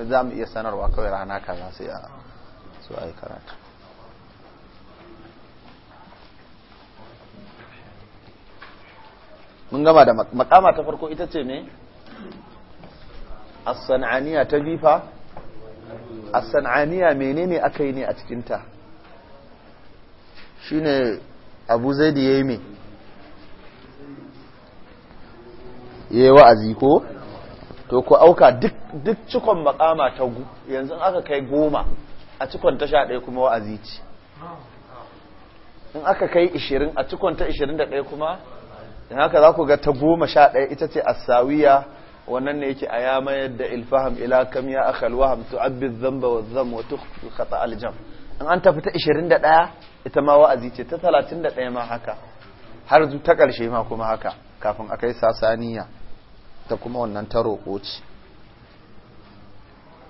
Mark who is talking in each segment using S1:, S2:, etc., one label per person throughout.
S1: mu za mu iya sanarwa kawai rana kaza sai a su a yi karatu mun gama da makama ta farko ita ce ne a sananiya ta bifa a sananiya menene aka yi ne a cikinta Shi ne abu ya yi mai yayi wa'azi ko to ku auka duk cikon makama ta yanzu aka kai goma a cikon ta sha ɗaya kuma wa'azi ce in aka kai ishirin a cikon ta ishirin da ɗaya kuma in haka za ku ga ta goma sha ɗaya ita ce asawiya wannan ne yake a ya mayar da ilfaham ila kam ya akhal waham abin zamba wa zam wa tukhfi khata aljam in an tafi ta ishirin da ɗaya ita ma wa'azi ce ta talatin da ɗaya ma haka har ta ƙarshe ma kuma haka kafin a kai sasaniya ta kuma wannan ta roƙo ce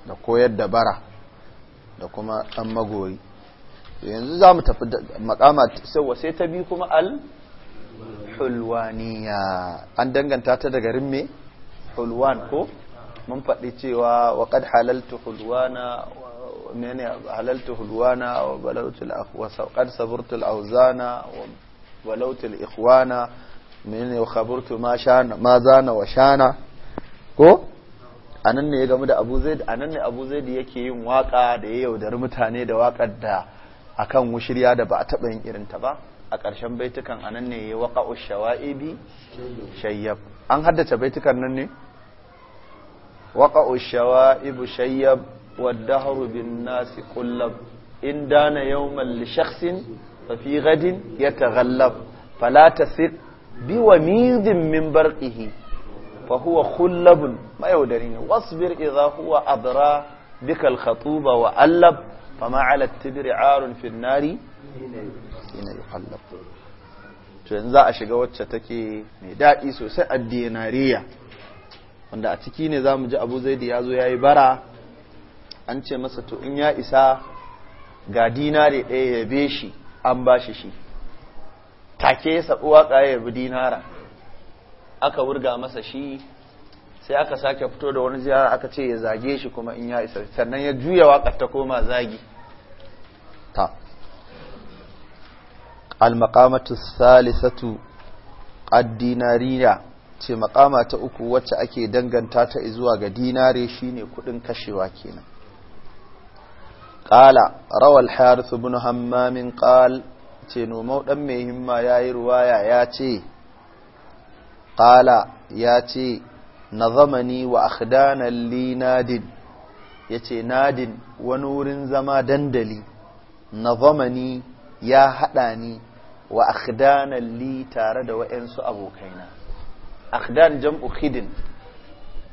S1: da koyar da bara da kuma ɗan magori yanzu za mu tafi makama sauwa sai ta bi kuma al hulwaniya an danganta ta daga rimme hulwan ko mun faɗi cewa waƙad halaltu hulwana mene halaltu hulwana wa balautul akhwasa qad saburtul auzana wa balautul ikhwana mene wa khabartu ma shana ma zana wa shana ko anan ne ya gamu da Abu Zaid anan ne Abu Zaid yake yin waka da ya yaudari mutane da wakar da akan wushirya da ba a taba yin irin ta ba a ƙarshen baitukan anan ne ya waka ushawaibi shayyab an haddace baitukan nan ne waka ushawaibu shayyab والدهر بالناس قلب إن دان يوما لشخص ففي غد يتغلب فلا تثق bi wa midin min barqihi fa huwa khullabun mayaudari ne wasbir idza huwa adra bika khatuba wa allab ma ala tibri arun fi nari ina yuhallab to yanzu za a shiga wacce take mai dadi sosai addinariya wanda a ciki ne zamu ji Abu Zaid ya zo yayi bara an ce masa to in ya isa ga dinari ɗaya ya be shi an ba shi shi take ya saɓi waƙa ya bi dinara aka wurga masa shi sai aka sake fito da wani ziyara aka ce ya zage shi kuma in ya isa sannan ya juya wakar ta koma zagi ta al-maqamatu salisatu ad-dinariya ce makama ta uku wacce ake danganta ta zuwa ga dinare shine kudin kashewa kenan qala rawal harith ibn hammam qala ce nomau ɗan mai himma ya yi ruwaya ya ce ƙala ya ce na ni wa akhdanan li nadin ya ce nadin wani wurin zama dandali na ni ya haɗa ni wa akhdanan li tare da wa'yansu abokaina akhdan jam'u khidin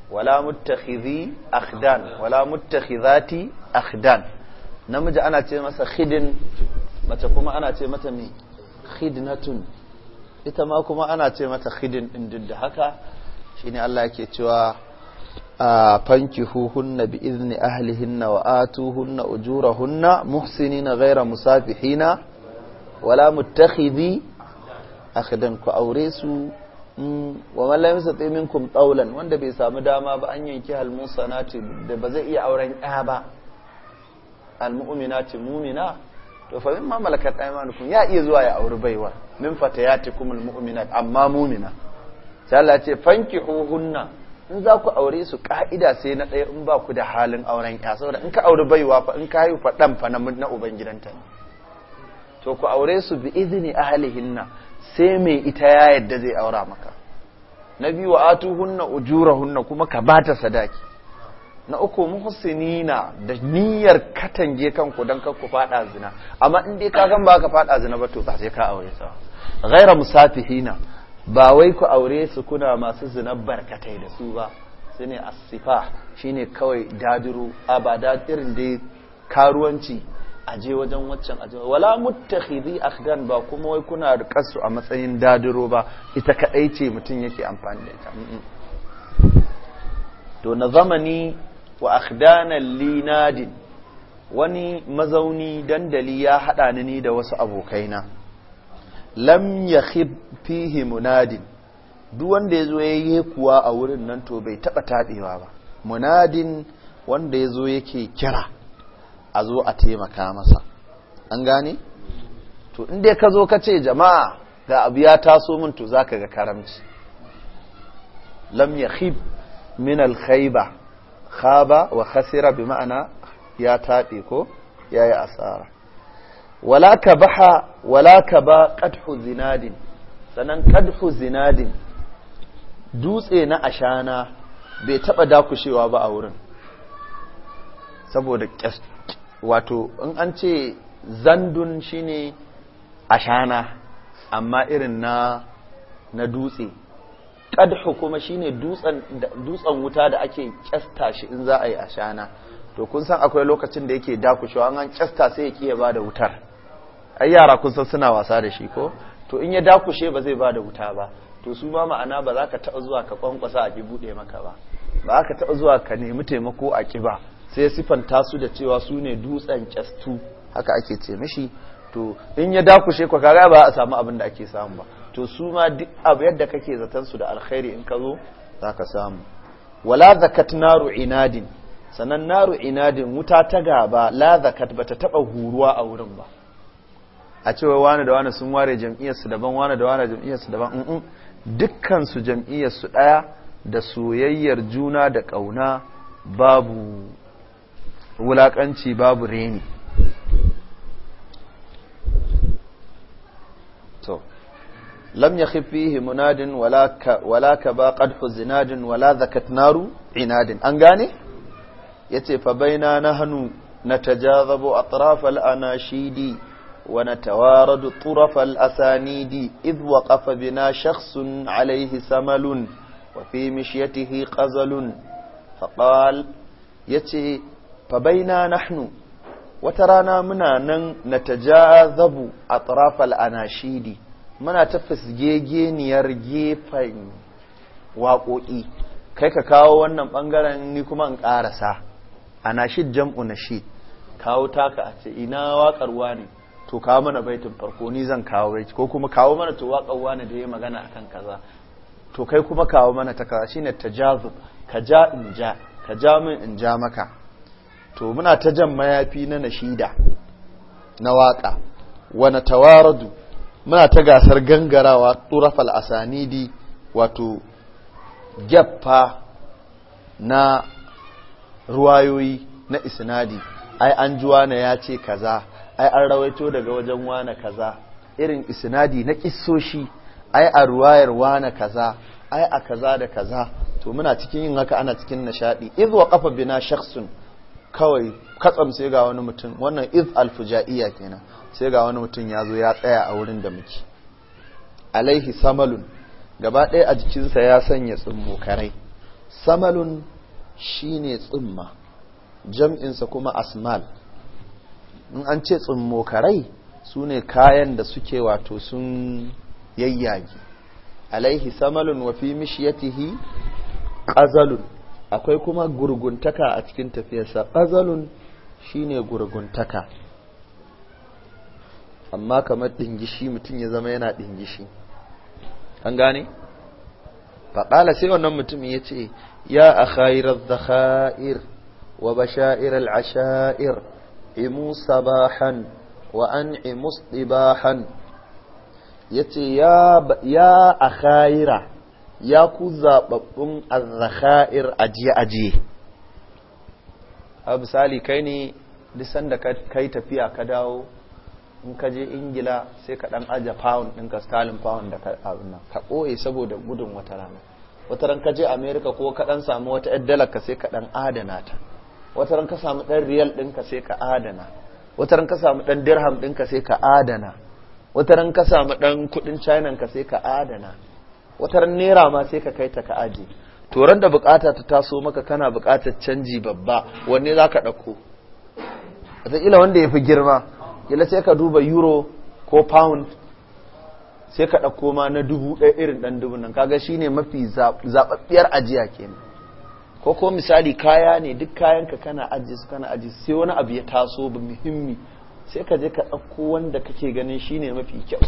S1: wala muttakhidhi akhdan wala muttakhidhati akhdan namiji ana ce masa khidin mace kuma ana ce mata mai khidnatun ita ma kuma ana ce mata khidin din duk da haka shine Allah yake cewa hunna bi izni ahlihinna wa atuhunna ujurahunna muhsinina ghayra musafihina wala muttakhidhi akhdan ku aure su mm, wa man lam yastati minkum qawlan wanda bai samu dama ba an yanki hal musanati da ba zai iya auren ɗa ba al mu'minati mu'mina to fa mimma malakat aymanukum ya iya zuwa ya auri baiwa min fatayatikum almu'minat amma mu'mina sai Allah ya ce fankihuhunna in za ku aure su ka'ida sai na ɗaya in ba ku da halin auren ya saboda in ka auri baiwa fa in ka yi fa dan fa na na ubangidanta to ku aure su bi izini ahlihinna sai mai ita ya yadda zai aura maka na biyu wa atuhunna ujurahunna kuma ka bata sadaki na uku muhsinina da niyyar katange kanku dan kanku fada zina amma in dai ka gan ba ka fada zina ba to ba sai ka aure su ghaira musafihina ba wai ku aure su kuna masu zina barkatai da su ba sune asifa shine kawai dadiro a ba da irin dai karuwanci aje wajen waccan aje wala muttakhidhi akhdan ba kuma wai kuna rikasu a matsayin dadiro ba ita kadai ce mutun yake amfani da ita to na zamani wa akhdanan linadin wani mazauni dandali ya haɗa ni ne da wasu abokaina lam yakhib fihi munadin duk wanda yazo yayi kuwa a wurin nan to bai taba tadewa ba munadin wanda yazo yake kira a zo a taimaka masa an gane to inda ka zo ka jama'a ga abu ya taso min to zaka ga karamci lam yakhib min al-khayba khaba wa khasira bi ma'ana ya taɓe ko ya yi asara wala ka baha wala ka ba ƙadhu zinadin sannan ƙadhu zinadin dutse na ashana bai taɓa dakushewa ba a wurin saboda wato in an ce zandun shine ashana amma irin na na dutse qadhu kuma shine dutsen wuta da ake kyasta shi in za a yi ashana to kun san akwai lokacin da yake dakushewa an an kyasta sai ya kiya bada wutar ai yara kun san suna wasa da shi ko to in ya dakushe ba zai ba da wuta ba to su ma ma'ana ba za ka taɓa zuwa ka kwankwasa a ki buɗe maka ba ba ka taɓa zuwa ka nemi taimako a kiba ba sai sifanta su da cewa su ne dutsen kyastu haka ake ce mishi to in ya dakushe ku kaga ba a samu abin da ake samu ba to su ma duk abu yadda kake zaton su da alkhairi in ka zo za ka samu wala zakat naru inadin sannan naru inadin wuta ta gaba la zakat bata taɓa huruwa a wurin ba a cewa wani da wani sun ware jam'iyyarsu daban wani da wani jam'iyyarsu daban in dukkan su jam'iyyarsu daya da soyayyar juna da kauna babu wulakanci babu reni lam yakhif fihi munadin wala ka wala ka ba qadhu zinadin wala zakat naru inadin an gane yace fa baina nahnu natajazabu atraf al-anashidi wa natawaradu turafal al-asanidi idh waqafa bina shakhsun alayhi samalun wa fi mishyatihi qazalun faqal yace fa baina nahnu wata rana muna nan natajazabu atraf al-anashidi muna ta fusgegeniyar gefen waƙoƙi kai ka kawo wannan ɓangaren ni kuma in ƙarasa a nashid jam'u nashid kawo taka a ce ina waƙar ne to kawo mana baitin farko ni zan kawo baiti ko kuma kawo mana to waƙar ne da ya magana akan kaza to kai kuma kawo mana ta kaza shine tajazub ka ja in ja ka ja min in ja maka to muna ta jan mayafi na nashida na waƙa wani tawaradu muna ta gasar gangarawa turafal asanidi wato gyaffa na ruwayoyi na isnadi ai an ji ya ce kaza ai an rawaito daga wajen wana kaza irin isnadi na kissoshi ai a ruwayar wane kaza ai a kaza da kaza to muna cikin yin haka ana cikin nishadi idh waqafa bina shakhsun kawai katsam sai ga wani mutum wannan iz alfujaiya kenan sai ga wani mutum ya zo ya tsaya a wurin da muke alaihi samalun gaba ɗaya a jikinsa ya sanya tsummo karai samalun shine tsumma jam'insa kuma asmal in an ce tsummo karai su ne kayan da suke wato sun yayyage alaihi samalun wa fi mishiyatihi Azalun. akwai kuma gurguntaka a cikin tafiyarsa ƙazalun shine gurguntaka amma kamar ɗingishi mutum ya zama yana ɗingishi an gane? faƙala sai wannan mutum ya ce ya a khairar zakha'ir wa basha'ir al'asha'ir imu sabahan wa an imu ya ce ya a khaira ya ku zababbun azzakhair ajiye ajiye a misali kai ne lisan da kai tafiya ka dawo in ka je ingila sai ka dan aja pound din ka stalin pound da ka abin ka koye saboda gudun wata rana wata ran ka je america ko ka dan samu wata yar dalar ka sai ka dan adana ta wata ran ka samu dan riyal din ka sai ka adana wata ran ka samu dan dirham din ka sai ka adana wata ran ka samu dan kudin china ka sai ka adana watar naira ma sai ka kai ta ka aje to ran da bukata ta taso maka kana bukatar canji babba wanne za ka ɗauko ila wanda ya fi girma kila sai ka duba euro ko pound sai ka dauko ma na dubu ɗaya irin dan dubu nan kaga shine mafi zababbiyar ajiya kenan ko ko misali kaya ne duk kayanka kana aji su kana aji sai wani abu ya taso ba muhimmi sai ka je ka dauko wanda kake ganin shine mafi kyau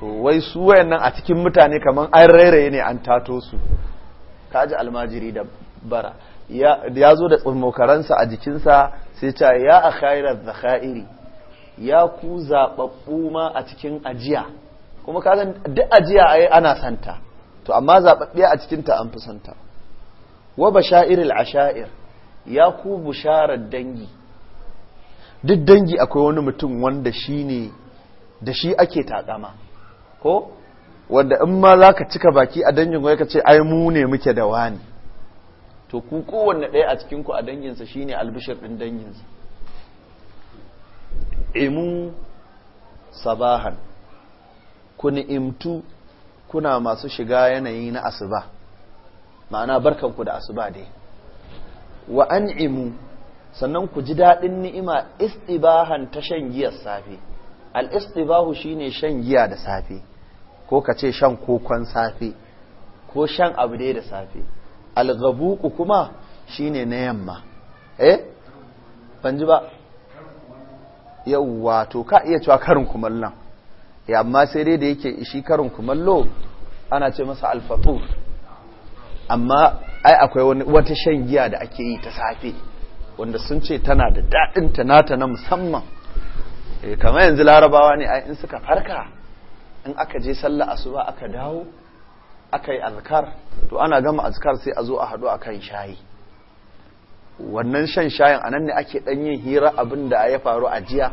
S1: to wai su wayannan a cikin mutane kaman an rairaye ne an tato su kaji almajiri da bara ya zo da tsummokaransa a jikinsa sai ta ya a khairar zakhairi ya ku zaɓaɓɓu ma a cikin ajiya kuma ka duk ajiya a ana santa to amma zaɓaɓɓe a cikin ta an fi santa wa bashairil asha'ir ya ku busharar dangi duk dangi akwai wani mutum wanda shi ne da shi ake taƙama ko wadda in ma za ka cika baki a dangin wai ka ce ai mu ne muke da wani to ku kowanne ɗaya a cikinku a danginsa shine albishir ɗin danginsa imu sabahan ku ni'imtu kuna masu shiga yanayi na asuba ma'ana barkanku da asuba dai wa an'imu sannan ku ji daɗin ni'ima istibahan ta shan giyar safe al shi ne shan giya da safe ko ka ce shan kokon safe ko shan abu da safe al-ghabuqu kuma ne na yamma eh ban ji ba yawwa to ka iya cewa karin kumallon ya eh, amma sai dai da yake shi karin kumallo ana ce masa alfafu. amma ai akwai wata shan giya da ake yi ta safe wanda sun ce tana da daɗin ta nata na musamman Eh, kamar yanzu larabawa ne ai in suka farka in aka je sallah asuba aka dawo aka yi azkar to ana gama azkar sai a zo a haɗu a kan shayi wannan shan shayin a nan ne ake ɗan yin hira abin da ya faru a jiya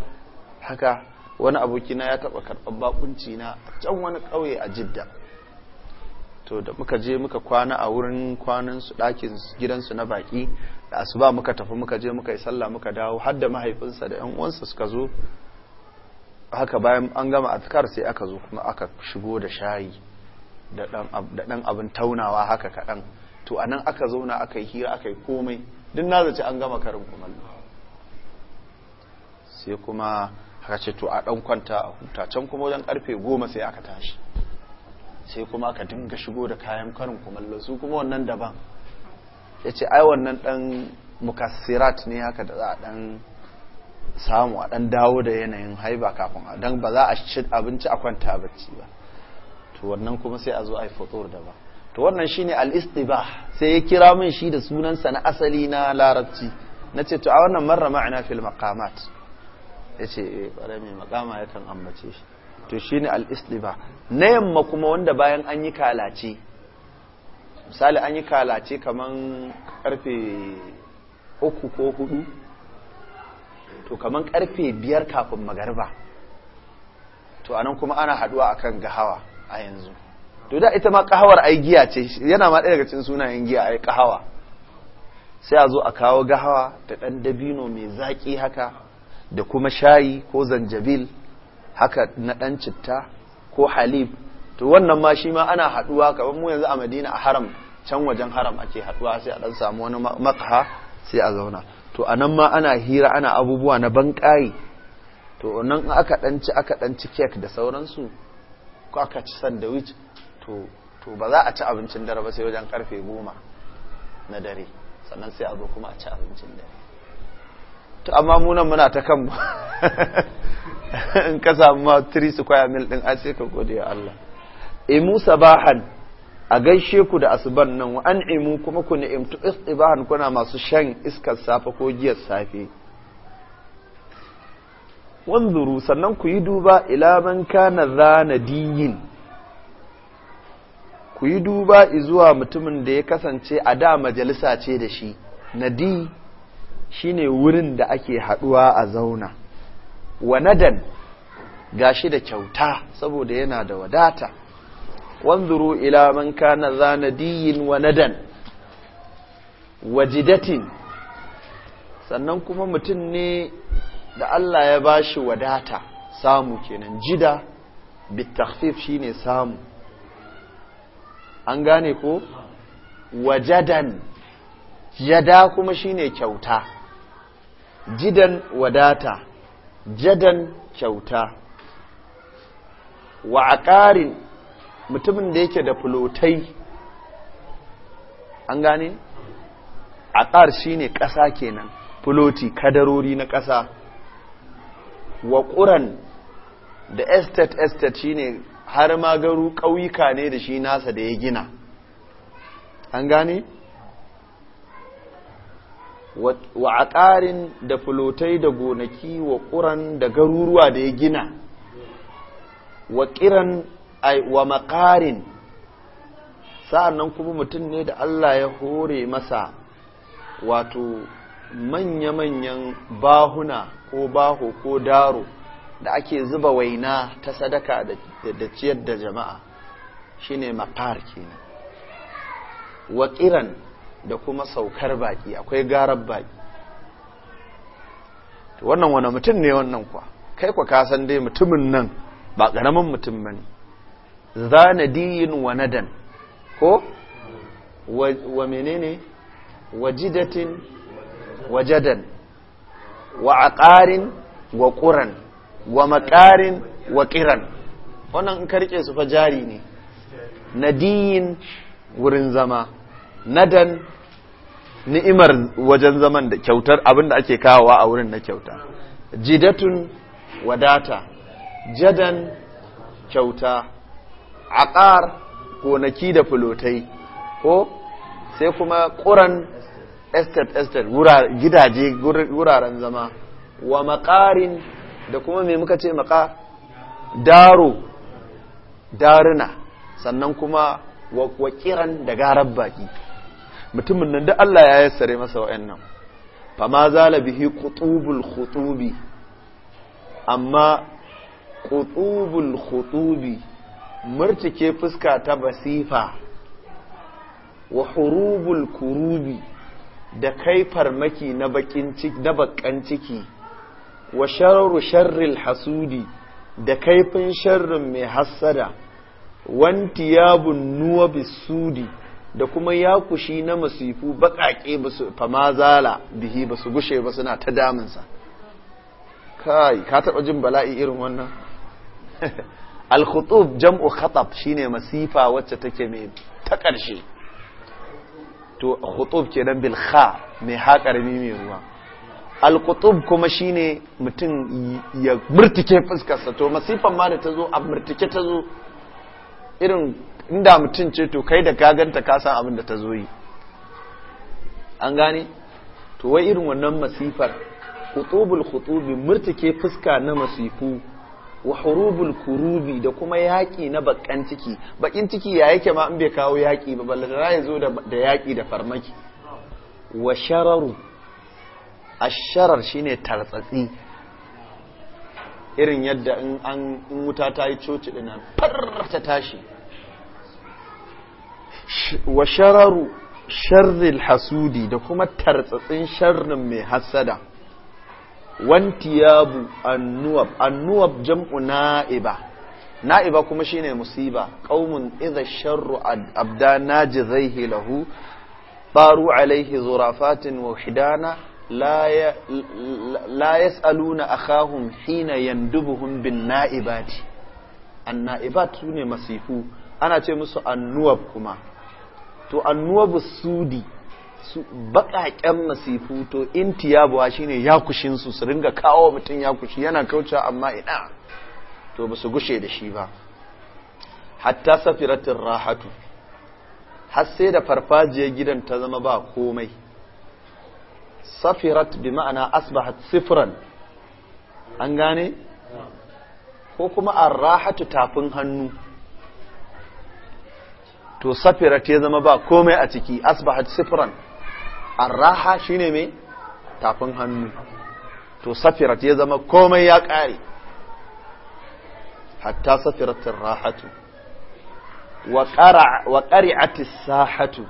S1: haka wani abokina ya taba karɓar bakunci na can wani ƙauye a jidda to da muka je muka kwana a wurin kwanan su dakin gidansu na baƙi da asuba muka tafi muka je muka yi sallah muka dawo har da mahaifinsa da 'yan uwansa suka zo haka bayan an gama azkar sai aka zo kuma aka shigo da shayi da dan abin taunawa haka kaɗan to anan aka zauna aka yi hira aka yi komai duk na zace an gama karin kumallo sai kuma haka ce to a dan kwanta a huta can kuma wajen karfe goma sai aka tashi sai kuma aka dinga shigo da kayan karin kumallo su kuma wannan daban ya ce ai wannan dan mukassirat ne haka da za a dan samu a dan dawo da yanayin haiba kafin a dan ba za a ci abinci a kwanta bacci ba to wannan kuma sai a zo a yi da ba to wannan shine al-istibah sai ya kira min shi da sunansa na asali na larabci nace to a wannan marra ma'ana fil maqamat yace bare eh, mai maqama yakan ambace shi to shine al-istibah na yamma kuma wanda bayan an yi kalace misali an yi kalace kaman karfe uku ko to kaman karfe biyar kafin magariba to anan kuma ana haduwa akan gahawa a yanzu to da ita ma kahawar ai giya ce yana ma daya daga cikin sunayen giya ai kahawa sai a zo a kawo gahawa da dan dabino mai zaki haka da kuma shayi ko zanjabil haka na dan citta ko halib to wannan ma shi ma ana haduwa kamar mu yanzu a madina a haram can wajen haram ake haduwa sai a dan samu wani makaha sai a zauna to a nan ma ana hira ana abubuwa na banƙaye to nan aka ɗanci aka ɗanci kek da sauransu ko aka ci sandwich to to ba za a ci abincin dare ba sai wajen karfe goma na dare sannan sai a zo kuma a ci abincin dare to amma munan muna ta kan in ka samu ma 3 square mil din a sai ka gode Allah e eh, musa bahan a gaishe ku da asuban nan wa an imu kuma ku ni'imtu istibahan kuna masu shan iskar safe ko giyar safe wanzuru sannan ku yi duba ila man kana zanadiyin ku yi duba izuwa mutumin da ya kasance a da majalisa ce da shi nadi shine wurin da ake haduwa a zauna wa nadan gashi da kyauta saboda yana da wadata wanzuru ila man kana zanadiyin wa nadan wajidatin sannan kuma mutum ne da Allah ya bashi wadata samu kenan jida bitakhfif shine samu an gane ko wajadan jada kuma shine kyauta jidan wadata jadan kyauta wa aqarin mutumin da yake da fulotai an gane shi ne ƙasa kenan fuloti kadarori na ƙasa wa ƙuran da estate estate shi ne. har ma garu ƙauyuka ne da shi nasa da ya gina an gane wa aƙarin da fulotai da gonaki wa ƙuran da garuruwa da ya gina wa ƙiran ai wa makarin nan kuma mutum ne da Allah ya hore masa wato manya-manyan bahuna ko baho ko daro da ake zuba waina ta sadaka da ciyar da jama'a shine makar kenan waƙiran da kuma saukar baƙi akwai garar baƙi wannan wani mutum ne wannan kwa kai kwa kasan dai mutumin nan ba ƙaramin mutum ba ne zanadiyin wa nadan ko wa menene wajidatin wajadan wa aqarin wa quran wa maqarin wa qiran wannan in karke su fa jari ne nadiyin wurin zama nadan ni'imar wajen zaman da kyautar abinda ake kawowa a wurin na kyauta jidatun wadata jadan kyauta aqar gonaki da fulotai ko sai kuma ƙuran estate estate gidaje wuraren zama wa maqarin da kuma me muka ce maka daro daruna sannan kuma wakiran da garar baki mutumin nan da Allah ya yassare masa wayannan fa ma zala bihi qutubul khutubi amma qutubul khutubi murtike fuska ta basifa wa hurubul kurubi da kai farmaki na bakan ciki wa sharru sharril hasudi da kaifin sharrin mai hassada wanti yabun nuwa bisudi da kuma ya kushi na masifu bakake ba su famazala bihi basu su gushe ba suna ta damunsa kai ka taba jin bala'i irin wannan al-khutub jam'u khatab shine masifa wacce take mai ta ƙarshe to khutub kenan bil kha mai ha karami mai ruwa al-khutub kuma shine mutum ya murtike fuskarsa to masifan ma da zo a murtike zo irin inda mutum ce to kai da gaganta ka san abin da tazo yi an gane to wai irin wannan masifar khutubul khutubi murtike fuska na masifu wa hurubul kurubi da kuma yaƙi na bakan ciki bakin ciki ya yake ma in bai kawo yaƙi ba da ya zo da yaƙi da farmaki wa shararu asharar shine tartsatsi irin yadda in an wuta ta yi coci dinan farta tashi wa shararu sharril hasudi da kuma tartsatsin sharrin mai hasada wantiyabu annuwab annuwab jam'u na'iba na'iba kuma shine musiba qaumun idha sharru abda najizaihi lahu baru alaihi zurafatin wa hidana la la yasaluna akhahum hina yandubuhum bin na'ibati an na'ibati sune masifu ana ce musu annuwab kuma to annuwabu sudi su baƙaƙen masifu to intiyabuwa shine ya su su ringa kawo mutum ya kushi yana kauce amma ina to ba su gushe da shi ba hatta safiratin rahatu har sai da farfajiyar gidan ta zama ba komai safirat bi ma'ana asbahat sifran an gane ko kuma rahatu tafin hannu to safirat ya zama ba komai a ciki asbahat sifran arraha shine mai tafin hannu to safirat ya zama komai ya ƙare hatta safiratin rahatu wa ƙari'atis sahatu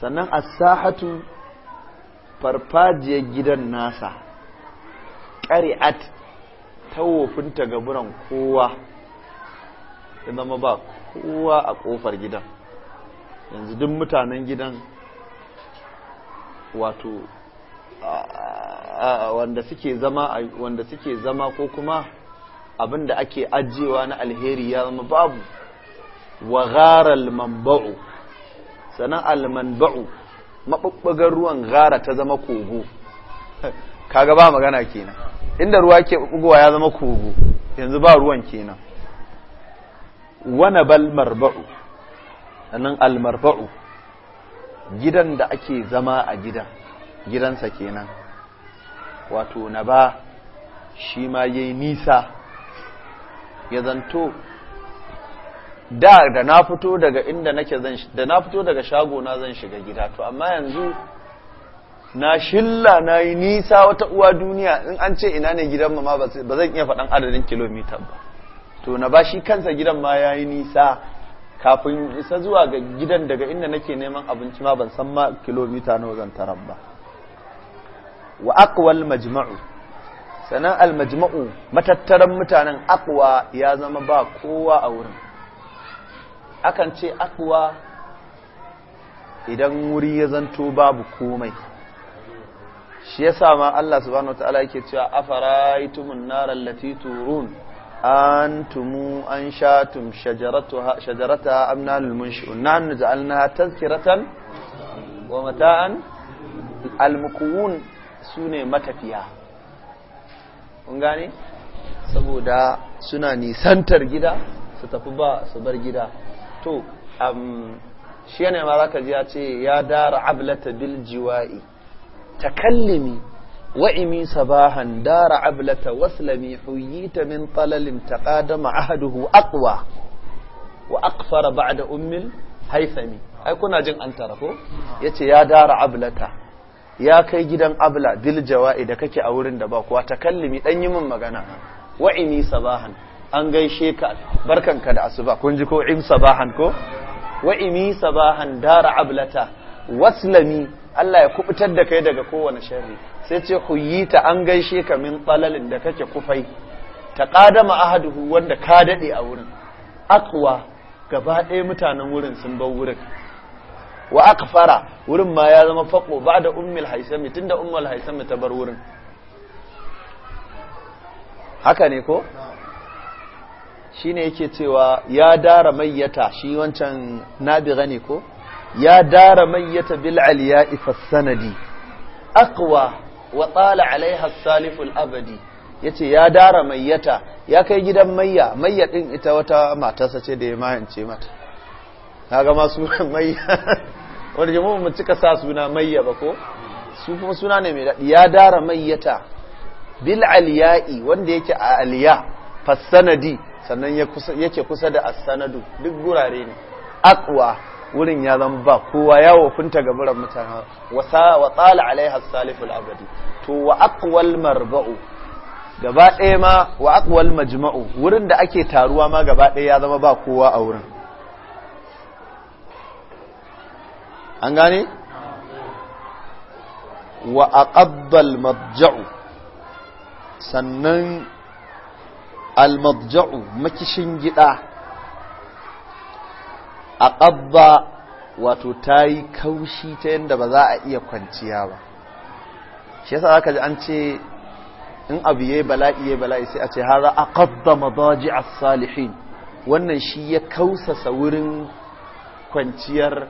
S1: sannan a sahatu farfajiyar gidan nasa ƙari'at tawofinta gaburan kowa ya zama ba kowa a ƙofar gidan yanzu duk mutanen gidan wato wanda suke zama wanda suke zama ko kuma abinda ake ajiyewa na alheri ya zama babu wa ghara almanba'u sanan almanba'u mabubbugar ruwan gara ta zama kogo kaga ba magana kenan inda ruwa ke bugowa ya zama kogo yanzu ba ruwan kenan wana bal marba'u sanan almarba'u gidan da ake zama a gidan gidansa kenan wato na ba shi ma ya yi nisa ya zanto da da na fito daga inda nake zan da na fito daga shago na zan shiga gida to amma yanzu na shilla na yi nisa wata uwa duniya in an ce ina ne gidan ma ba zan iya faɗan adadin kilomita ba to na ba shi kansa gidan ma ya yi nisa kafin isa zuwa ga gidan daga inda nake neman abinci ma ban san ma kilomita nawa zan taran ba wa aqwal majma'u sanan al majma'u matattaran mutanen aqwa ya zama ba kowa a wurin akan ce aqwa idan wuri ya zanto babu komai shi yasa ma Allah subhanahu wataala yake cewa afaraitumun naral lati turun an tumu an sha tum shajarata amnan almunshi'un na hannu za'alna tazkiratan wa mata'an su ne matafiya kun gane saboda suna nisantar gida su tafi ba su bar gida to shi ne ma za ka ji ya ce ya dara ablata biljiwa'i takallimi wa imi sabahan dara ablata waslami huyita min talalim taqadama ahaduhu aqwa wa aqfar ba'da ummi haifami ai kuna jin an ya dara ablata ya kai gidan abla dil jawai da kake a wurin da ba kuwa takallimi dan yimin magana wa imi sabahan an gaishe ka barkan ka da asuba kun ji ko imi sabahan ko wa imi sabahan dara ablata waslami Allah ya kubutar da kai daga kowane shari sai ce ku yi ta an gaishe ka min tsalalin da kake kufai ta ƙadama ahaduhu wanda ka daɗe a wurin akwa gaba ɗaya mutanen wurin sun bar wurin wa aka fara wurin ma ya zama faƙo ba da ummil haisami tunda ummil haisami ta bar wurin haka ne ko shine yake cewa ya dara mayyata shi wancan nabi gani ko ya dara mayyata bil aliya sanadi aqwa wa tsala alaiha yace ya dara mayyata ya kai gidan mayya mayya din ita wata matarsa ce da ya mayance mata kaga ma sunan mayya wanda jama'a mun cika sa suna mayya ba ko su kuma suna ne mai daɗi ya dara mayyata bil aliya'i wanda yake a aliya fasanadi sannan yake kusa da sanadu duk gurare ne aqwa wurin ya zama ba kowa ya wafinta ga muran mutane wa tsala alaiha salihul abadi to wa aqwal marba'u gaba ɗaya ma wa aqwal majma'u wurin da ake taruwa ma gaba ɗaya ya zama ba kowa a wurin an gane wa aqabbal madja'u sannan al madja'u makishin gida a ƙabba wato ta yi kaushi ta yadda ba za a iya kwanciya ba shi yasa aka ji an ce in abu ya bala'i ya bala'i sai a ce haza a ƙabba ji a salihin wannan shi ya kausasa wurin kwanciyar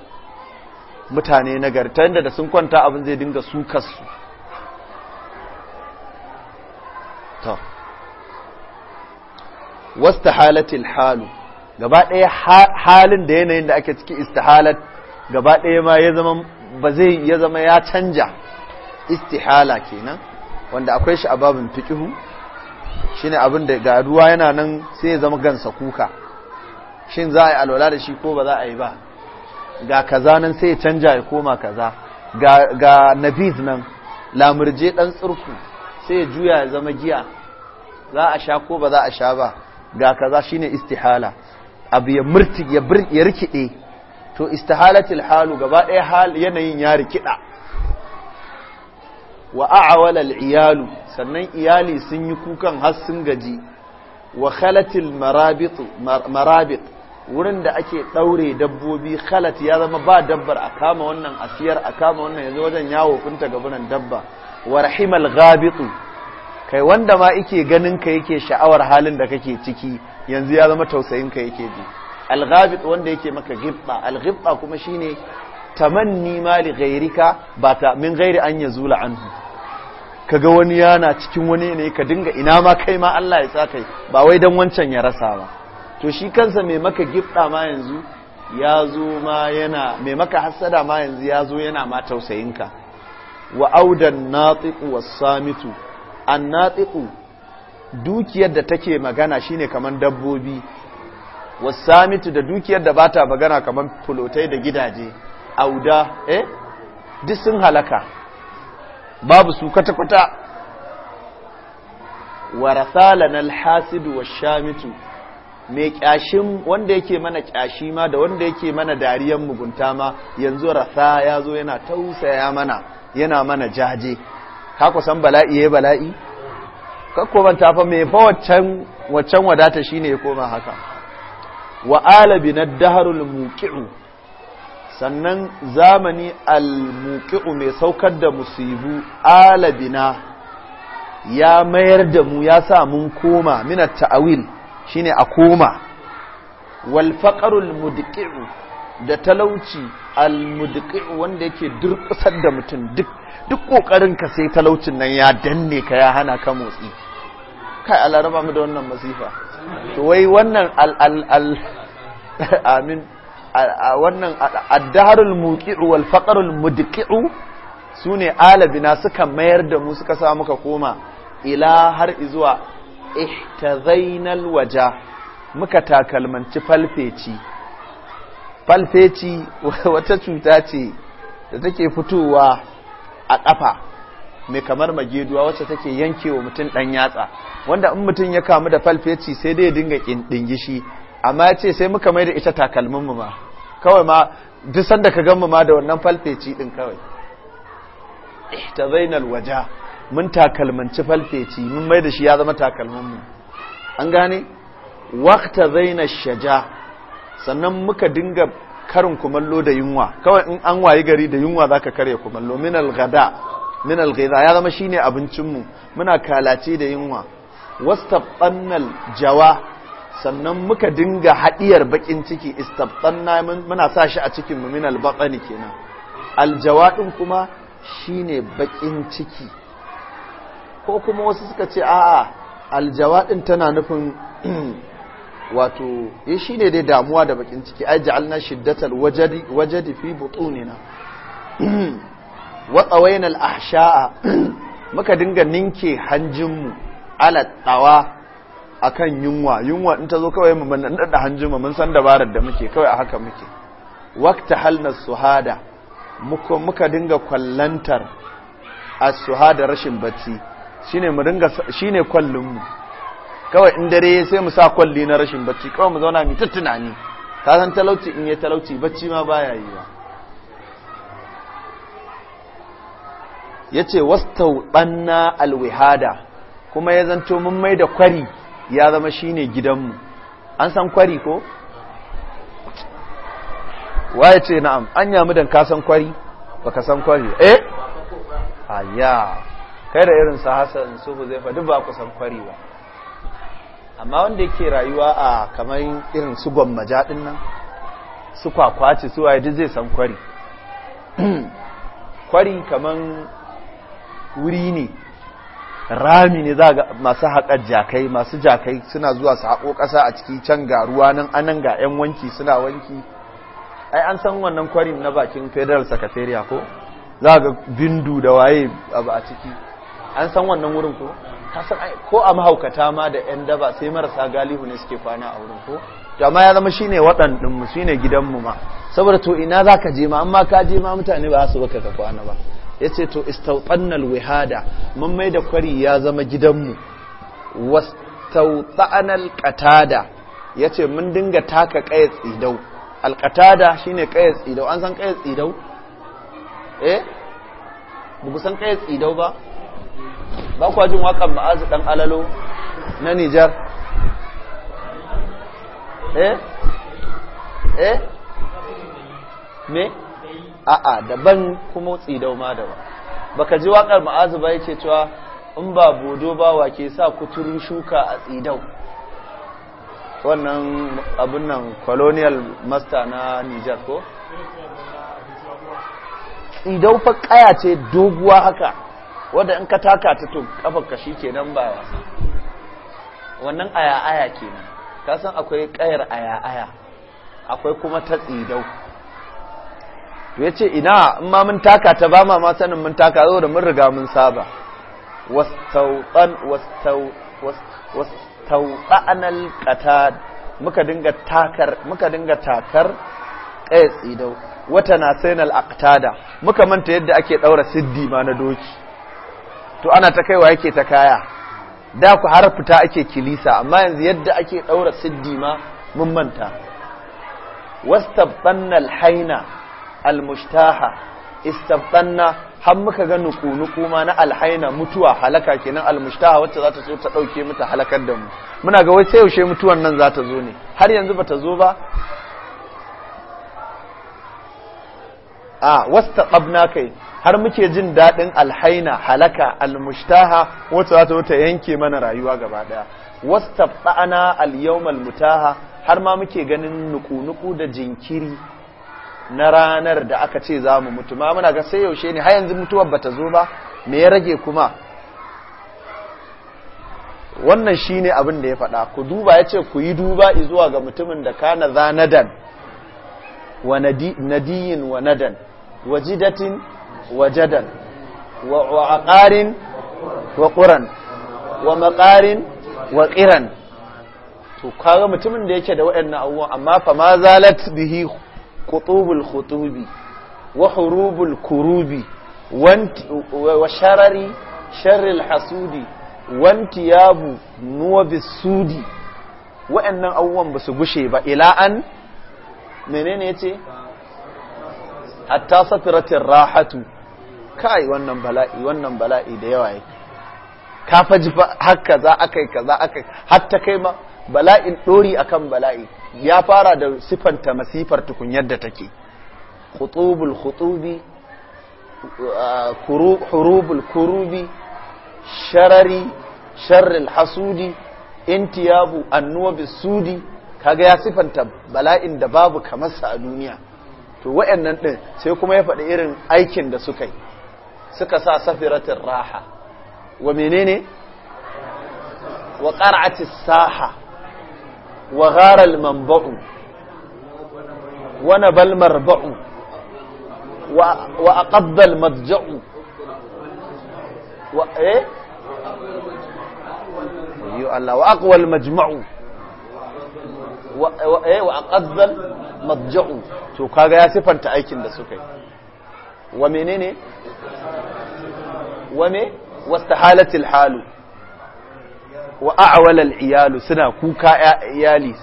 S1: mutane nagari ta yadda da sun kwanta abin zai dinga sukarsu ta wasta halatil halu gaba ɗaya halin da yanayin da ake ciki istihalat gaba ɗaya ma ya zama ba zai ya zama ya canja istihala kenan wanda akwai shi a babin shi shine abin da ga ruwa yana nan sai ya zama gansa kuka shin za a yi alwala da shi ko ba za a yi ba ga kaza nan sai ya canja ya koma kaza ga ga nabiz nan lamurje dan tsurku sai ya juya ya zama giya za a sha ko ba za a sha ba ga kaza shine istihala abu ya murti ya rikide to istihalatul halu gaba ɗaya hal yanayin ya rikida wa a'awala iyalu sannan iyali sun yi kukan har sun gaji wa khalatil marabit wurin da ake daure dabbobi khalat ya zama ba dabbar a kama wannan asiyar a kama wannan yanzu wajen yawo kunta gabanan dabba wa rahimal ghabit kai wanda ma yake ganin ka yake sha'awar halin da kake ciki yanzu ya zama tausayin ka yake bi al-ghabit wanda yake maka gibba al-ghibba kuma shine tamanni ma li ghayrika ba ta min ghairi an yazula anhu kaga wani yana cikin wani ne ka dinga ina ma kai ma Allah ya saka ba wai dan wancan ya rasa ba to shi kansa mai maka gibba ma yanzu ya zo ma yana mai maka hassada ma yanzu ya zo yana ma tausayinka wa audan natiqu was samitu an natiqu dukiyar da take magana shine kaman dabbobi wasamitu da dukiyar da bata magana kaman fulotai da gidaje auda eh duk sun halaka babu su kwata-kwata warasalan alhasidu washamitu Me kyashin wanda yake mana kyashi ma da wanda yake mana dariyan mugunta ma yanzu rasa ya zo yana tausaya mana yana mana jaje ka kusan bala'i ya bala'i kakko ban fa mai fa waccan waccan wadata shine ya koma haka wa alabi na daharul muqi'u sannan zamani al-muqi'u mai saukar da musibu alabina ya mayar da mu ya sa mun koma min at-ta'wil shine a koma wal faqarul da talauci al-mudqi'u wanda yake durkusar da mutum duk duk ka sai talaucin nan ya danne ka ya hana ka motsi kai Allah mu da wannan masifa to wai wannan al al al amin wannan addarul muqi'u wal faqrul mudqi'u sune alabina suka mayar da mu suka sa muka koma ila har izuwa ihtazainal waja muka takalmanci falfeci falfeci wata cuta ce da take fitowa a ƙafa mai kamar mageduwa wacce take yanke wa mutum ɗan yatsa wanda in mutum ya kamu da falfeci sai dai dinga ɗingishi amma ya ce sai muka mai da ita takalminmu ma kawai ma duk sanda ka gan mu ma da wannan falfeci ɗin kawai ta zainal waja mun takalmanci falfeci mun mai da shi ya zama takalminmu an gane wakta zainal shaja sannan muka dinga karin kumallo da yunwa kawai in an wayi gari da yunwa zaka karya kumallo minal gada. ghada min alghiza ya zama shine abincinmu muna kalace da yunwa wastabannal jawa sannan muka dinga hadiyar bakin ciki istabanna muna sa shi a cikin mu min albatani kenan aljawadin kuma shine bakin ciki ko kuma wasu suka ce a'a aljawa tana nufin wato ya eh, shi dai damuwa da bakin ciki ai ja'alna shiddatal wajadi wajadi fi butunina watsawainal ahsha'a muka dinga ninke hanjinmu ala tsawa akan yunwa yunwa in ta zo kawai mu hanjin hanjinmu mun san dabarar da muke kawai a haka muke wakta halna suhada muka muka dinga kwallantar as-suhada rashin bacci shine mu dinga shine kwallin mu kawai in dare sai mu sa kwalli na rashin bacci kawai mu zauna mu ta tunani ka san talauci in ya talauci bacci ma baya yi ba ya ce ɗanna alwihada kuma ya zanto mun mai da kwari ya zama shine gidanmu an san kwari ko? waye ce na'am an yamu don ka san kwari baka san kwari eh aya kai da irin sa Hassan Sufu zai fa duk ba ku san kwari ba amma wanda yake rayuwa a kamar irin su gwammaja jaɗin nan su kwakwaci su waye duk zai san kwari kwari kaman wuri ne rami ne za ga masu haƙar jakai masu jakai suna zuwa su haƙo ƙasa a ciki can ga ruwa nan anan ga 'yan wanki suna wanki ai an san wannan kwarin na bakin federal secretariat ko za ga bindu da waye abu a ciki an san wannan wurin ko ko a mahaukata ma da 'yan daba sai marasa galihu ne suke kwana a wurin ko amma ya zama shine ne shine gidanmu ma saboda to ina za ka je ma amma ka je ma mutane ba su baka ka kwana ba ya ce to istautsannal wihada mun mai da kwari ya zama gidanmu wastautsannal katada ya ce mun dinga taka kaya tsidau alkatada shi ne kaya tsidau an san kaya tsidau eh buku san kaya tsidau ba ba kuwa jin wakan ma'azu dan alalo na nijar eh eh me a'a daban kuma tsidau ma daban baka ji waƙar ma'azu ba yake cewa in ba bodo ba wa ke sa kuturu shuka a tsidau wannan abin nan colonial master na Nijar ko tsidau fa kaya ce doguwa haka wadda in ka taka ta to ka kafarka nan ba wasa wannan aya aya kenan ka san akwai kayar aya aya akwai kuma ta tsidau to yace ina in mun taka ta ba mama sanin mun taka zo da mun riga mun saba wastawtan wastaw muka dinga takar muka dinga takar kai tsidau wata na sainal aqtada muka manta yadda ake ɗaura siddi ma na doki to ana ta kaiwa yake ta kaya da ku har fita ake kilisa amma yanzu yadda ake ɗaura siddi ma mun manta wastabannal haina. almushtaha istaftanna har muka ga nuku-nuku ma na alhaina mutuwa halaka kenan almushtaha wacce za ta so ta ɗauke mu ta halakar da mu muna ga wai sai yaushe mutuwan nan za ta zo ne har yanzu ba ta zo ba a wasta ƙabna kai har muke jin daɗin alhaina halaka almushtaha wacce za ta zo ta yanke mana rayuwa gaba ɗaya wasta ɗa'ana al mutaha har ma muke ganin nuku da jinkiri na ranar da aka ce za mu mutu ma muna ga sai yaushe ne har yanzu mutuwar bata zo ba me ya rage kuma wannan shine abin da ya faɗa ku duba ya ce ku yi duba izuwa ga mutumin da kana za nadan wa nadiyin wa nadan wa jidatin wa jadan wa aqarin wa quran wa maqarin wa qiran to kaga mutumin da yake da waɗannan abubuwan amma fa ma zalat bihi qutubul khutubi wa hurubul kurubi wa sharari sharril hasudi wanti yabu nuwa bisudi wa'annan abubuwan ba su gushe ba ila an menene yace hatta kai wannan bala'i wannan bala'i da yawa yake ka faji haka za akai kaza akai hatta kai ma bala'in ɗori akan bala'i ya fara da sifanta masifar tukun yadda take khutubul khutubi hurubul kurubi sharari sharril hasudi intiyabu annuwa bisudi kaga ya sifanta bala'in da babu kamarsa a duniya to wayannan din sai kuma ya faɗi irin aikin da suka yi suka sa safiratin raha wa menene wa qara'atis saha wa gharal manba'u wa nabal marba'u wa aqadda al madja'u wa eh yo Allah wa aqwa al majma'u wa eh wa aqadda al madja'u to kaga ya sifanta aikin da suka yi wa menene wa me wastahalatil halu wa a'walal iyalu suna kuka iyali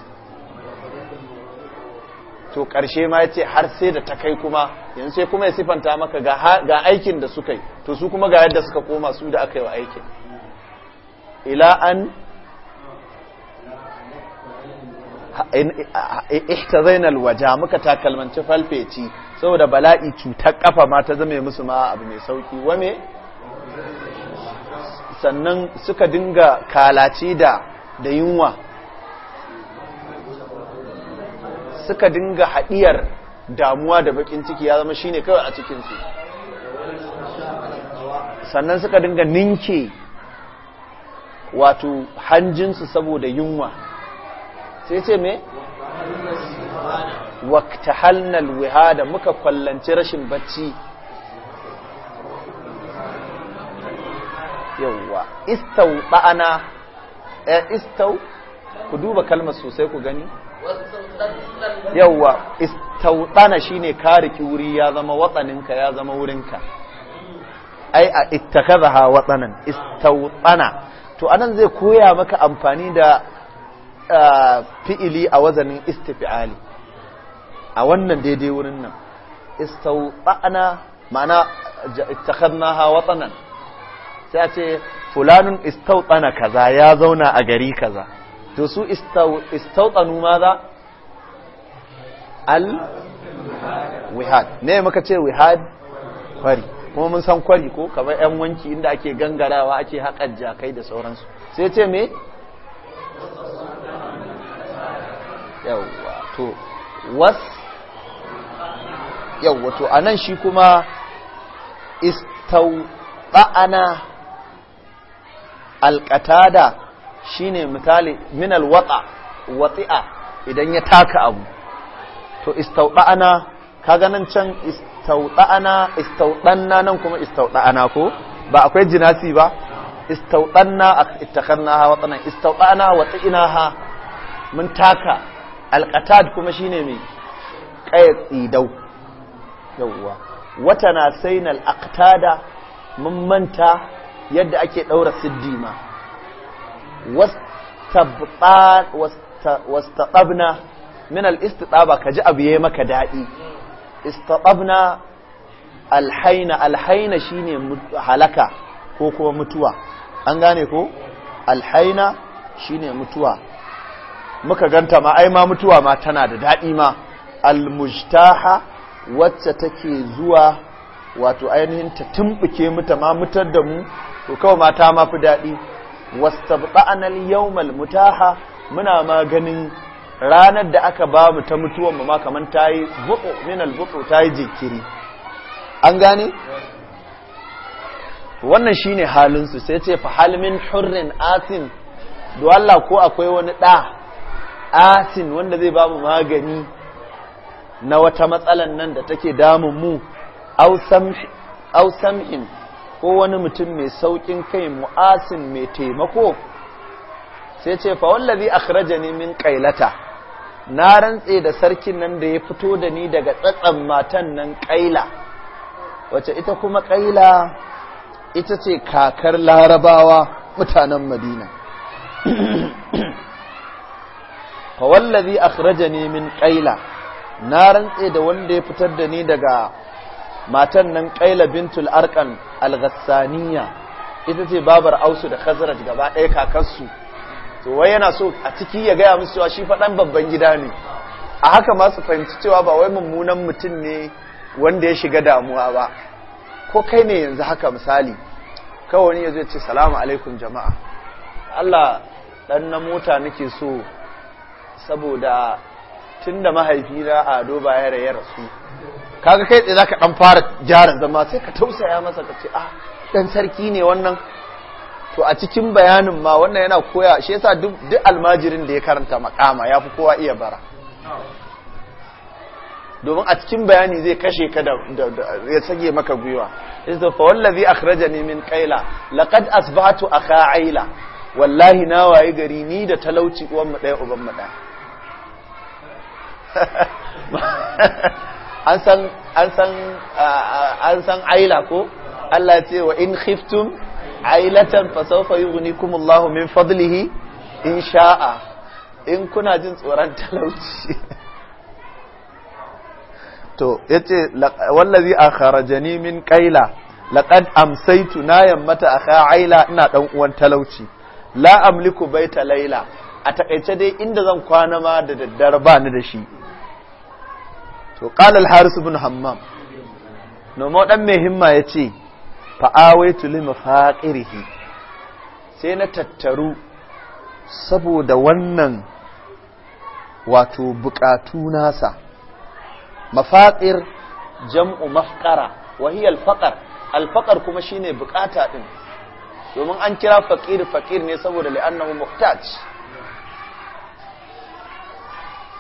S1: to karshe ma yace har sai da takai kuma yanzu sai kuma ya sifanta maka ga ga aikin da suka yi to su kuma ga yadda suka koma su da aka yi wa aikin ila an ihtazaina alwaja muka takalmanci falfeci saboda bala'i cutar kafa ma ta zame musu ma abu mai sauki wa me sannan suka dinga kalace da da yunwa suka dinga haɗiyar damuwa da bakin ciki ya zama shine kawai a cikinsu sannan suka dinga ninke wato hanjinsu saboda yunwa sai ce me waktahalnal wihada muka kwallanci rashin bacci yawwa istau ba'ana eh istau ku duba kalmar sosai ku gani
S2: yawwa
S1: istautsana shine ka riki wuri ya zama watsaninka ya zama wurinka ai a ha watsanan istautsana to anan zai koya maka amfani da fi'ili a wazanin istifi'ali a wannan daidai wurin nan ba'ana ma'ana ha watsanan sai ce fulanun istautsana kaza ya zauna a gari kaza to su istautsanu maza al wihad ne muka ce wihad kwari kuma mun san kwari ko kamar yan wanki inda ake gangarawa ake haƙar jakai da sauransu sai ce me yawwa to was yawwa to anan shi kuma istautsana alƙatada shine misali min alwata wati'a idan ya taka abu to istawda'ana kaga nan can istawda'ana istawdanna nan kuma istawda'ana ko ba akwai jinasi ba istawdanna ittakharnaha watanan istawda'ana ha mun taka alqatad kuma shine mai kai tsidau yawwa watana sainal aqtada mun manta yadda ake ɗaura siddima ma min al'istaɓa ka ji abu ya yi maka daɗi istaɓabna alhaina alhaina shine halaka ko kuma mutuwa an gane ko alhaina shine mutuwa muka ganta ma ai ma mutuwa ma tana da daɗi ma almujtaha wacce take zuwa wato ainihin ta tumbuke mutama ma mutar da mu to kawai mata ma fi daɗi wastabta'anal yawmal mutaha muna ma ganin ranar da aka ba mu ta mutuwan mu ma kaman tayi buqu minal buqu tayi jikiri an gane wannan shine halin su sai ce fa hal min hurrin atin do Allah ko akwai wani da atin wanda zai ba mu magani na wata matsalan nan da take damun mu au samhin ko wani mutum mai saukin kai mu'asin mai taimako sai ce fa wallazi akhrajani min qailata na rantse da sarkin nan da ya fito da ni daga tsatsan matan nan qaila wace ita kuma qaila ita ce kakar larabawa mutanen madina fa wallazi akhrajani min qaila na rantse da wanda ya fitar da ni daga matan nan kaila bintul arkan al ita ce babar ausu da khazraj gaba ɗaya kakarsu to wai yana so a ciki ya gaya musu cewa shi faɗan babban gida ne a haka ma su fahimci cewa ba wai mummunan mutum ne wanda ya shiga damuwa ba ko kai ne yanzu haka misali kawai wani ya ce salamu alaikum jama'a Allah dan na mota nake so saboda tunda mahaifina a doba ya rasu kaga kai tsaye zaka dan fara jaran zama sai ka tausaya masa ka ce ah dan sarki ne wannan to a cikin bayanin ma wannan yana koya shi yasa duk duk almajirin da ya karanta makama yafi kowa iya bara domin a cikin bayani zai kashe ka da ya sage maka gwiwa the fa ladhi akhrajani min qaila laqad asbahtu akha aila wallahi na waye gari ni da talauci uwan mu daya uban mu daya an san an san an san aila ko Allah ce wa in khiftum ailatan fa sawfa yughnikum Allahu min fadlihi in sha'a in kuna jin tsoron talauci to yace wallazi akharajani min qaila laqad amsaytu na yammata akha aila ina dan uwan talauci la amliku baita laila a takaice dai inda zan kwana ma da daddare ba ni da shi to ƙala al-haris ibn hammam nomo ɗan mai himma yace ce fa’awai tuli mafaqirihi sai na tattaru saboda wannan wato buƙatu nasa mafaƙir jam'u mafƙara, wahi alfaƙar alfaƙar kuma al ne kuma shine buƙata ɗin, domin an kira faƙir faƙir ne saboda li'annahu muhtaj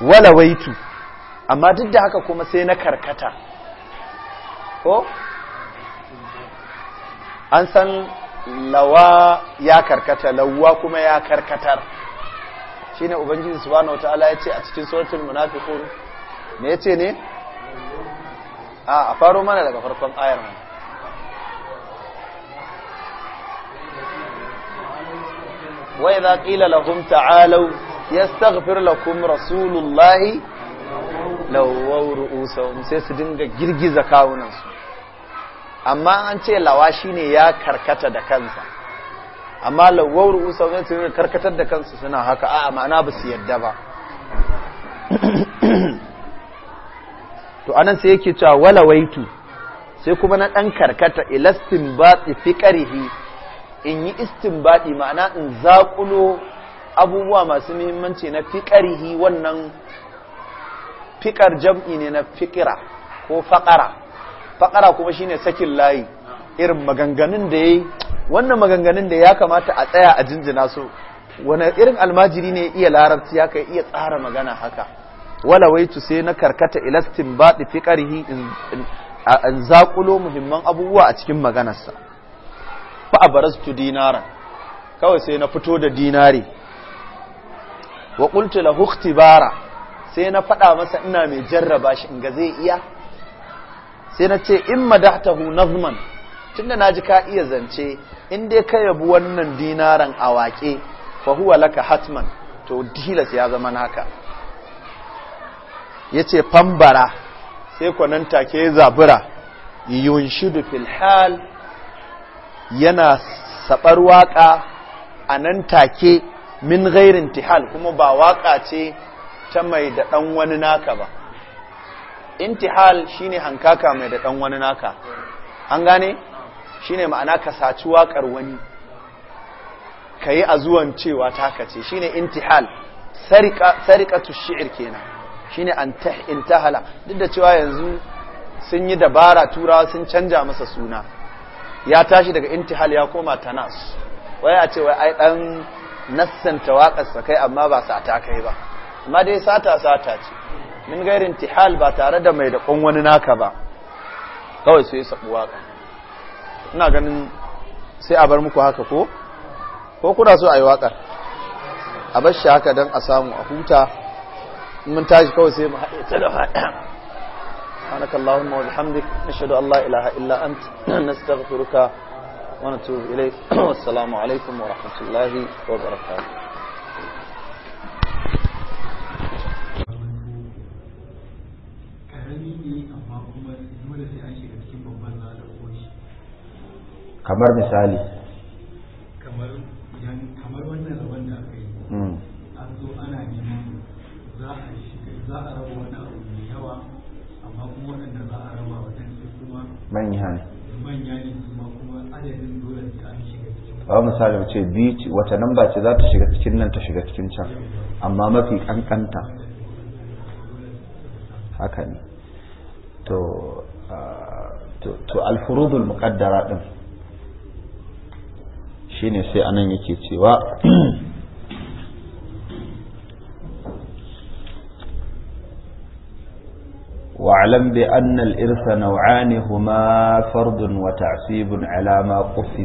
S1: wala waitu amma duk da haka kuma sai na karkata ko an san lawa ya karkata lawa kuma ya karkatar ne ubangiji subhanahu ya yace a cikin suratul munafiqun me yace ne a a faro mana daga farkon ayar mana ƙila idza qila lahum ta'alu yastaghfir lakum rasulullahi lawau ru'usahum sai su dinga girgiza kawunan su amma an ce lawa shine ya karkata da kansa amma lawau ru'usahum sai su dinga karkatar da kansu suna haka a'a ma'ana ba su yadda ba to anan sai yake cewa wala waitu sai kuma na dan karkata ilastin batsi karihi in yi istinbadi ma'ana in zaƙulo abubuwa masu muhimmanci na fi ƙarihi wannan fikar jam'i ne na fikira ko faƙara faƙara kuma shine sakin layi irin maganganun da ya wannan maganganun da ya kamata a tsaya a jinjina su wani irin almajiri ne iya larabci ya kai iya tsara magana haka wala waitu sai na karkata ilastin baɗi fikarihi in zaƙulo muhimman abubuwa a cikin maganarsa fa a tu dinara kawai sai na fito da dinari wa ƙultu lahu bara sai na faɗa masa ina mai jarraba shi in ga zai iya sai na ce in madahtahu nazman tunda naji ka iya zance in dai ka yabi wannan dinaran a waƙe fa huwa laka hatman to tilas ya zama naka yace fambara sai kwanan take zabura yunshudu fil hal yana sabar a nan take min gairin tihal kuma ba waka ce ta mai da ɗan wani naka ba intihal shine hankaka mai da ɗan wani naka an gane shine ma'ana ka saci waƙar wani ka yi a zuwan cewa taka ce shine intihal sarikatu shi'ir kenan shine intahala duk da cewa yanzu sun yi dabara turawa sun canja masa suna ya tashi daga intihal ya koma tanas waya a ce wai ai ɗan nassanta waƙarsa kai amma ba sa ta kai ba amma dai sata sata ce min gairin tihal ba tare da mai da wani naka ba kawai sai sabu ka ina ganin sai a bar muku haka ko ko kuna so a yi waƙar a bar shi haka don a samu a huta mun tashi kawai sai mu haɗe ta da shaɗu allah ilaha illa an na لا إله wani أنت ilai wasu salamu alaikum wa rahmatullahi wa barakatuh kamar misali
S2: kamar kamar wannan rabon da aka yi hmm. an zo ana neman za a za a raba wani abu mai yawa amma kuma waɗanda za a raba waɗansu kuma
S1: manya ne
S2: manya ne kuma kuma adadin dole sai an shiga
S1: cikin ba misali ce biyu wata namba ce za ta shiga cikin nan ta shiga cikin can amma mafi kankanta haka ne ah, to to alfurudul muqaddara din shine sai anan yake cewa واعلم بأن الإرث نوعان هما فرض وتعصيب على ما قف